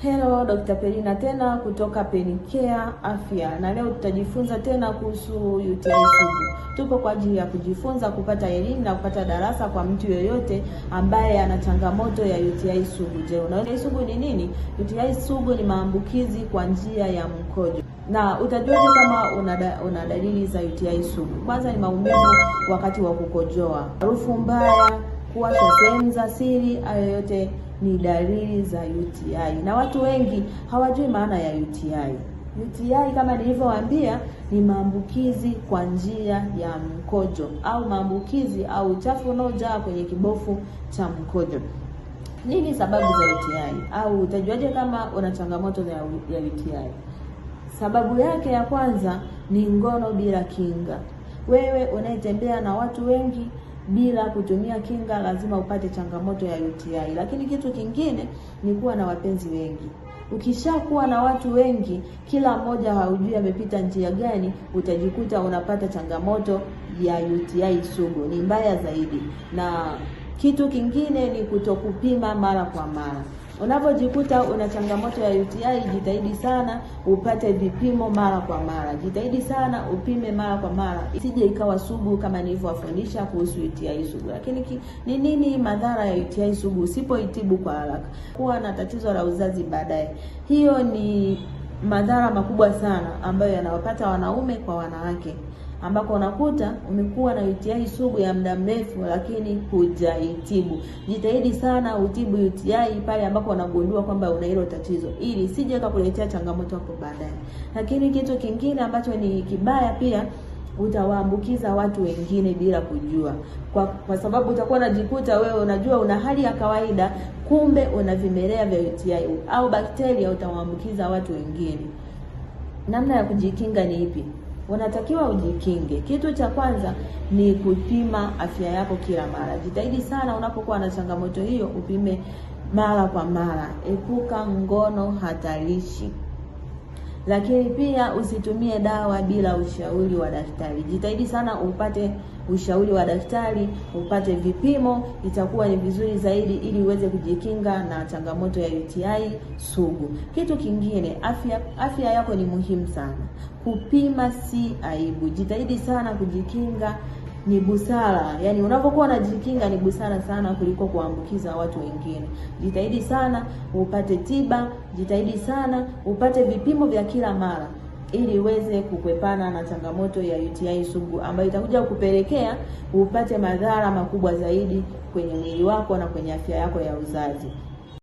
Hello, Dr. perina tena kutoka Penicare Afya, na leo tutajifunza tena kuhusu UTI sugu. Tupo kwa ajili ya kujifunza, kupata elimu na kupata darasa kwa mtu yoyote ambaye ana changamoto ya UTI sugu. Je, unaona UTI sugu ni nini? UTI sugu ni maambukizi kwa njia ya mkojo na utajuaje kama una una dalili za UTI sugu? Kwanza ni maumivu wakati wa kukojoa, harufu mbaya, kuwa sehemu za siri, hayo yote ni dalili za UTI, na watu wengi hawajui maana ya UTI. UTI kama nilivyowaambia ni maambukizi kwa njia ya mkojo au maambukizi au uchafu unaojaa kwenye kibofu cha mkojo. Nini sababu za UTI au utajuaje kama una changamoto ya UTI? Sababu yake ya kwanza ni ngono bila kinga. Wewe unayetembea na watu wengi bila kutumia kinga, lazima upate changamoto ya UTI. Lakini kitu kingine ni kuwa na wapenzi wengi. Ukishakuwa na watu wengi, kila mmoja haujui amepita njia gani, utajikuta unapata changamoto ya UTI sugu, ni mbaya zaidi. Na kitu kingine ni kutokupima mara kwa mara. Unapojikuta una changamoto ya UTI, jitahidi sana upate vipimo mara kwa mara, jitahidi sana upime mara kwa mara, isije ikawa sugu kama nilivyowafundisha kuhusu UTI sugu. Lakini ki, ni nini madhara ya UTI sugu usipoitibu kwa haraka? Kuwa na tatizo la uzazi baadaye, hiyo ni madhara makubwa sana ambayo yanawapata wanaume kwa wanawake, ambako unakuta umekuwa na UTI sugu ya muda mrefu, lakini hujaitibu. Jitahidi sana utibu UTI pale ambapo unagundua kwamba una hilo tatizo, ili sije kakuletea changamoto hapo baadaye. Lakini kitu kingine ambacho ni kibaya pia utawaambukiza watu wengine bila kujua, kwa, kwa sababu utakuwa unajikuta wewe unajua una hali ya kawaida, kumbe una vimelea vya UTI au bakteria, utawaambukiza watu wengine. Namna ya kujikinga ni ipi? Unatakiwa ujikinge. Kitu cha kwanza ni kupima afya yako kila mara. Jitahidi sana unapokuwa na changamoto hiyo, upime mara kwa mara. Epuka ngono hatarishi lakini pia usitumie dawa bila ushauri wa daktari. Jitahidi sana upate ushauri wa daktari, upate vipimo, itakuwa ni vizuri zaidi, ili uweze kujikinga na changamoto ya UTI sugu. Kitu kingine, afya afya yako ni muhimu sana. Kupima si aibu, jitahidi sana kujikinga ni busara, yaani unapokuwa unajikinga ni busara sana kuliko kuambukiza watu wengine. Jitahidi sana upate tiba, jitahidi sana upate vipimo vya kila mara ili uweze kukwepana na changamoto ya UTI sugu ambayo itakuja kupelekea upate madhara makubwa zaidi kwenye mwili wako na kwenye afya yako ya uzazi.